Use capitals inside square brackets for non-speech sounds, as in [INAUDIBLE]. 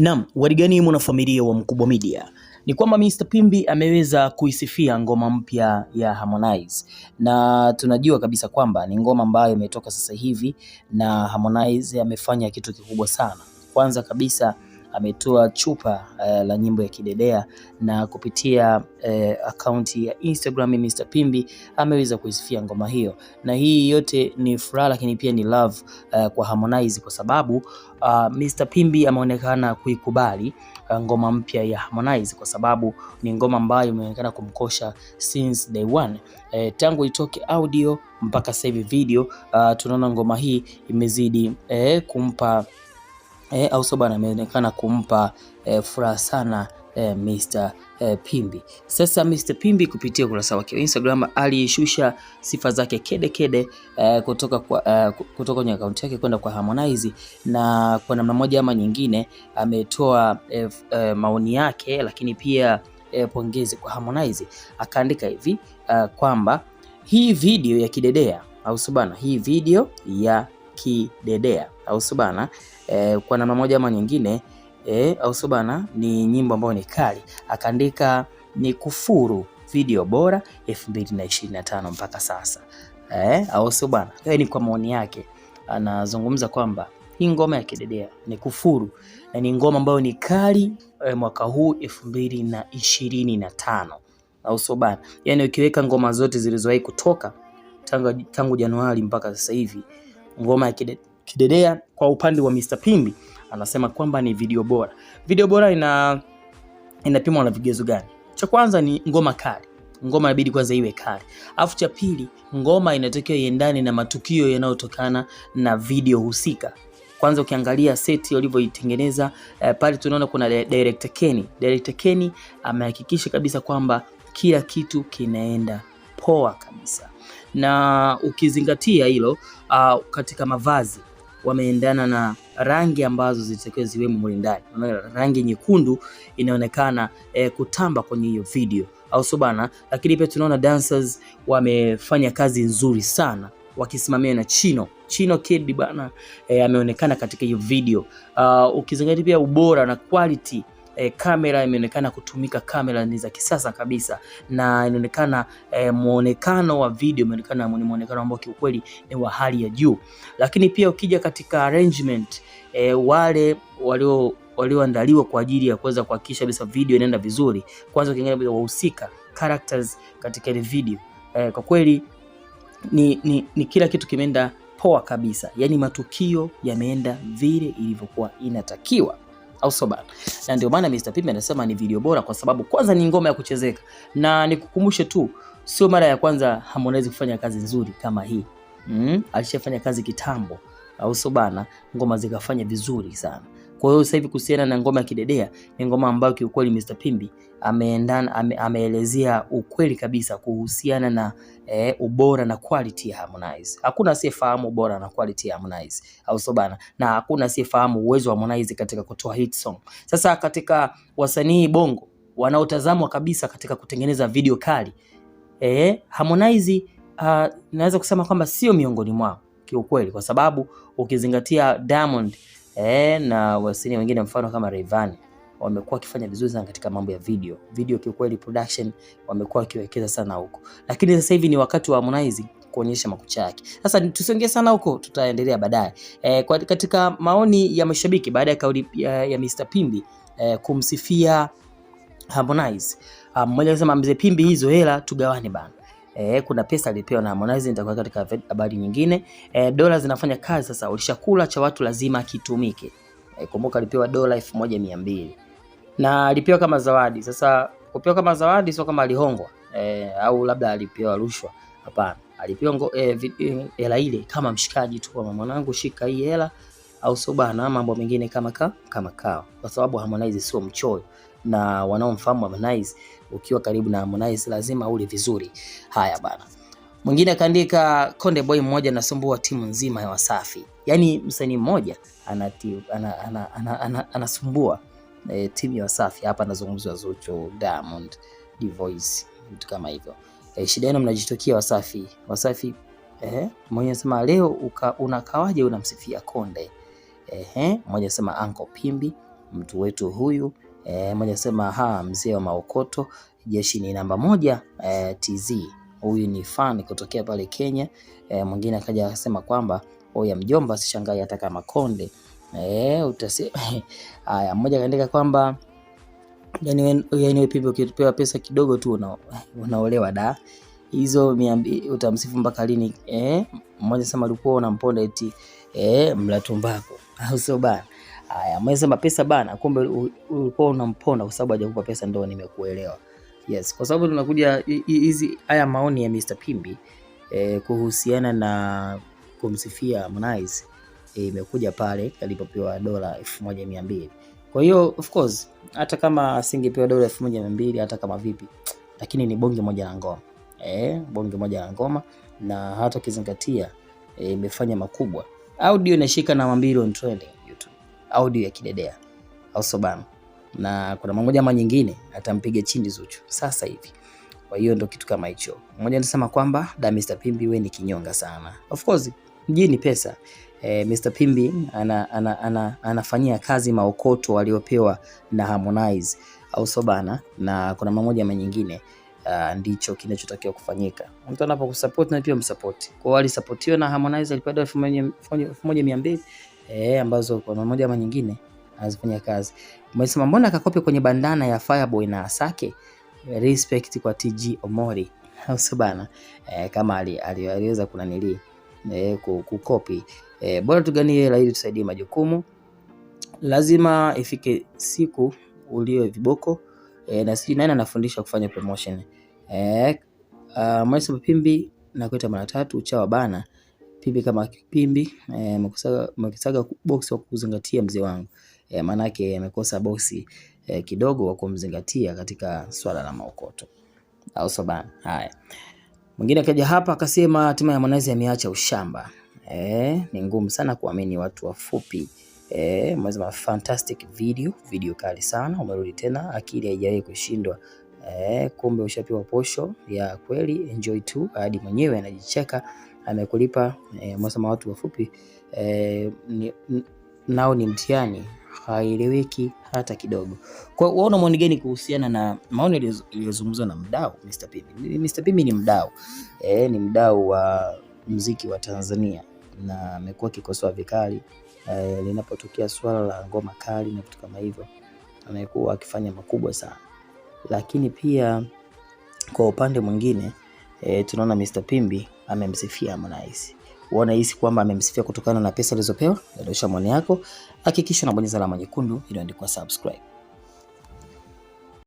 Naam, warigani mwanafamilia wa Mkubwa Media, ni kwamba Mr Pimbi ameweza kuisifia ngoma mpya ya Harmonize, na tunajua kabisa kwamba ni ngoma ambayo imetoka sasa hivi na Harmonize amefanya kitu kikubwa sana. Kwanza kabisa ametoa chupa uh, la nyimbo ya Kidedea na kupitia uh, akaunti ya Instagram Mr Pimbi ameweza kuisifia ngoma hiyo, na hii yote ni furaha, lakini pia ni love uh, kwa Harmonize kwa sababu uh, ah, Mr Pimbi ameonekana kuikubali ah, ngoma mpya ya Harmonize kwa sababu ni ngoma ambayo imeonekana kumkosha since day one. E, tangu itoke audio mpaka sasa hivi video, uh, tunaona ngoma hii imezidi e, kumpa e, eh, Auso bwana ameonekana kumpa e, furaha sana e, eh, Mr. E, Pimbi. Sasa Mr. Pimbi kupitia ukurasa wake wa Instagram alishusha sifa zake kede kede, e, kutoka kwa e, kutoka kwenye akaunti yake kwenda kwa Harmonize na kwa namna moja ama nyingine ametoa e, e, maoni yake lakini pia e, pongezi kwa Harmonize. Akaandika hivi uh, kwamba hii video ya kidedea au subana, hii video ya kidedea au sio bana? E, eh, kwa namna moja ama nyingine e, au sio bana, ni nyimbo ambayo ni kali. Akaandika ni kufuru video bora 2025 mpaka sasa eh, au sio bana? Hiyo ni kwa maoni yake, anazungumza kwamba hii ngoma ya Kidedea ni kufuru na ni ngoma ambayo ni kali e, mwaka huu 2025 au sio bana? Yani ukiweka ngoma zote zilizowahi kutoka tangu, tangu Januari mpaka sasa hivi ngoma ya Kidedea Kidedea kwa upande wa Mr. Pimbi anasema kwamba ni video bora. Video bora ina inapimwa na vigezo gani? Cha kwanza ni ngoma kali ngoma inabidi kwanza iwe kali, alafu cha pili ngoma inatakiwa iendane na matukio yanayotokana na video husika. Kwanza ukiangalia seti walivyoitengeneza eh, pale tunaona kuna director Kenny. Director Kenny amehakikisha kabisa kwamba kila kitu kinaenda poa kabisa, na ukizingatia hilo uh, katika mavazi wameendana na rangi ambazo zilitakiwa ziwemo mule ndani. Rangi nyekundu inaonekana e, kutamba kwenye hiyo video, au sio bana? Lakini pia tunaona dancers wamefanya kazi nzuri sana wakisimamia na Chino Chino Kid bana e, ameonekana katika hiyo video. Uh, ukizingatia pia ubora na quality e, kamera imeonekana kutumika, kamera ni za kisasa kabisa, na inaonekana e, eh, muonekano wa video imeonekana ni muonekano ambao kiukweli ni wa hali ya juu, lakini pia ukija katika arrangement e, wale walio walioandaliwa kwa ajili ya kuweza kuhakikisha kabisa video inaenda vizuri, kwanza ukiangalia wahusika characters katika ile video e, kwa kweli ni, ni, ni kila kitu kimeenda poa kabisa, yaani matukio yameenda vile ilivyokuwa inatakiwa au sio bana? Na ndio maana Mr Pimbe anasema ni video bora, kwa sababu kwanza ni ngoma ya kuchezeka, na nikukumbushe tu, sio mara ya kwanza Harmonize kufanya kazi nzuri kama hii mm. Alishafanya kazi kitambo, au sio bana? Ngoma zikafanya vizuri sana. Kwa hiyo sasa hivi kuhusiana na ngoma ya Kidedea ni ngoma ambayo kiukweli Mr Pimbi ameendana ame, ameelezea ukweli kabisa kuhusiana na e, ubora na quality ya Harmonize. Hakuna asiyefahamu ubora na quality ya Harmonize, au sio bana? Na hakuna asiyefahamu uwezo wa Harmonize katika kutoa hit song. Sasa katika wasanii bongo wanaotazamwa kabisa katika kutengeneza video kali eh, Harmonize uh, naweza kusema kwamba sio miongoni mwao kiukweli, kwa sababu ukizingatia Diamond e, na wasanii wengine mfano kama Rayvanny wamekuwa wakifanya vizuri sana katika mambo ya video video, kiukweli production wamekuwa wakiwekeza sana huko, lakini sasa hivi ni wakati wa Harmonize kuonyesha makucha yake. Sasa tusiongee sana huko, tutaendelea baadaye. E, katika maoni ya mashabiki baada ya kauli ya, ya Mr Pimbi e, kumsifia Harmonize ah, mmoja um, anasema mzee Pimbi, hizo hela tugawane bana. E, kuna pesa alipewa na Harmonize, nitakuwa katika habari nyingine. E, dola zinafanya kazi sasa, ulishakula cha watu lazima kitumike. E, kumbuka alipewa dola elfu moja mia mbili na alipewa kama zawadi. Sasa kupewa kama zawadi sio kama alihongwa e, au labda alipewa rushwa, hapana. Alipewa hela e, ile kama mshikaji tu, mwanangu, shika hii hela au sio bana, mambo mengine kama ka, kama kao, kwa sababu Harmonize sio mchoyo na wanaomfahamu Harmonize, ukiwa karibu na Harmonize lazima uli vizuri. Haya bana. Mwingine akaandika Konde Boy mmoja anasumbua timu nzima ya Wasafi. Yaani msanii mmoja anasumbua ana, ana, ana, ana, ana, ana e, timu ya Wasafi. Hapa anazungumzwa Zuchu, Diamond, Voice, vitu kama hivyo. E, shida yenu mnajitokea Wasafi. Wasafi eh, mwenye sema leo unakawaje unamsifia Konde? ehe, mmoja sema Anko Pimbi, mtu wetu huyu eh, mmoja sema ha, mzee wa maokoto, jeshi ni namba moja e, eh, TZ huyu ni fan kutokea pale Kenya. E, mwingine akaja akasema kwamba oya mjomba, sishangai hata kama konde e, utasi [LAUGHS] haya. Mmoja kaandika kwamba yani wewe Pimbi ukipewa pesa kidogo tu una, unaolewa da hizo utamsifu mpaka lini? Eh, mmoja sema alikuwa unamponda eti eh, mlatumbako [LAUGHS] au sio bana? Haya, amesema pesa bana, kumbe ulikuwa unampona kwa sababu hajakupa pesa, ndio nimekuelewa. Yes, kwa sababu tunakuja hizi haya maoni ya Mr Pimbi eh, kuhusiana na kumsifia Harmonize eh, imekuja pale alipopewa dola 1200. Kwa hiyo of course hata kama asingepewa dola 1200 hata kama vipi, lakini ni bonge moja la ngoma eh, bonge moja la ngoma na hata ukizingatia eh, imefanya eh, makubwa Audio inashika na on trending YouTube. Audio ya kidedea au sobano, na kuna mmoja ama nyingine atampiga chini Zuchu sasa hivi. Kwa hiyo ndo kitu kama hicho. Mmoja anasema kwamba da Mr Pimbi, we ni kinyonga sana. Of course mjini pesa eh, Mr Pimbi ana, ana, ana, anafanyia kazi maokoto waliopewa na Harmonize au sobana, na kuna mmoja ama nyingine uh, ndicho kinachotakiwa kufanyika. Mtu anapokusupport na pia umsupport. Kwa hiyo alisupportiwa na Harmonize alipata 1200 eh, ambazo kwa moja ama nyingine anazifanya kazi. Umesema mbona akakopi kwenye bandana ya Fireboy na Asake? Respect kwa TG Omori. Au [LAUGHS] bana eh, kama ali, ali, aliweza kunanili eh, kukopi eh, bora tugani hela ili tusaidie majukumu. Lazima ifike siku ulio viboko E, na sijui nani anafundisha kufanya promotion. E, uh, Mwesa Mpimbi nakuita mara tatu uchawa bana. Pimbi kama kipimbi, e, mkisaga box wa kuzingatia mzee wangu. E, maanake amekosa box e, kidogo wa kumzingatia katika swala la maokoto. Au so bana. Haya. Mwingine akaja hapa akasema hatima ya Harmonize ameacha ushamba. E, ni ngumu sana kuamini watu wafupi eh, umesema fantastic video, video kali sana, umerudi tena, akili haijawahi kushindwa. E, kumbe ushapewa posho ya kweli, enjoy tu, hadi mwenyewe anajicheka amekulipa. umesema eh, watu wafupi e, ni, nao ni mtihani, haieleweki hata kidogo. Kwa hiyo una maoni gani kuhusiana na maoni yaliyozungumzwa na mdau Mr. Pimbi? Mr. Pimbi ni mdau eh, ni mdau wa muziki wa Tanzania na amekuwa akikosoa vikali eh, linapotokea swala la ngoma kali na vitu kama hivyo, amekuwa akifanya makubwa sana. Lakini pia kwa upande mwingine eh, tunaona Mr Pimbi amemsifia Harmonize. Wanahisi kwamba amemsifia kutokana na pesa alizopewa. Dondosha maoni yako, hakikisha unabonyeza alama nyekundu iliyoandikwa subscribe.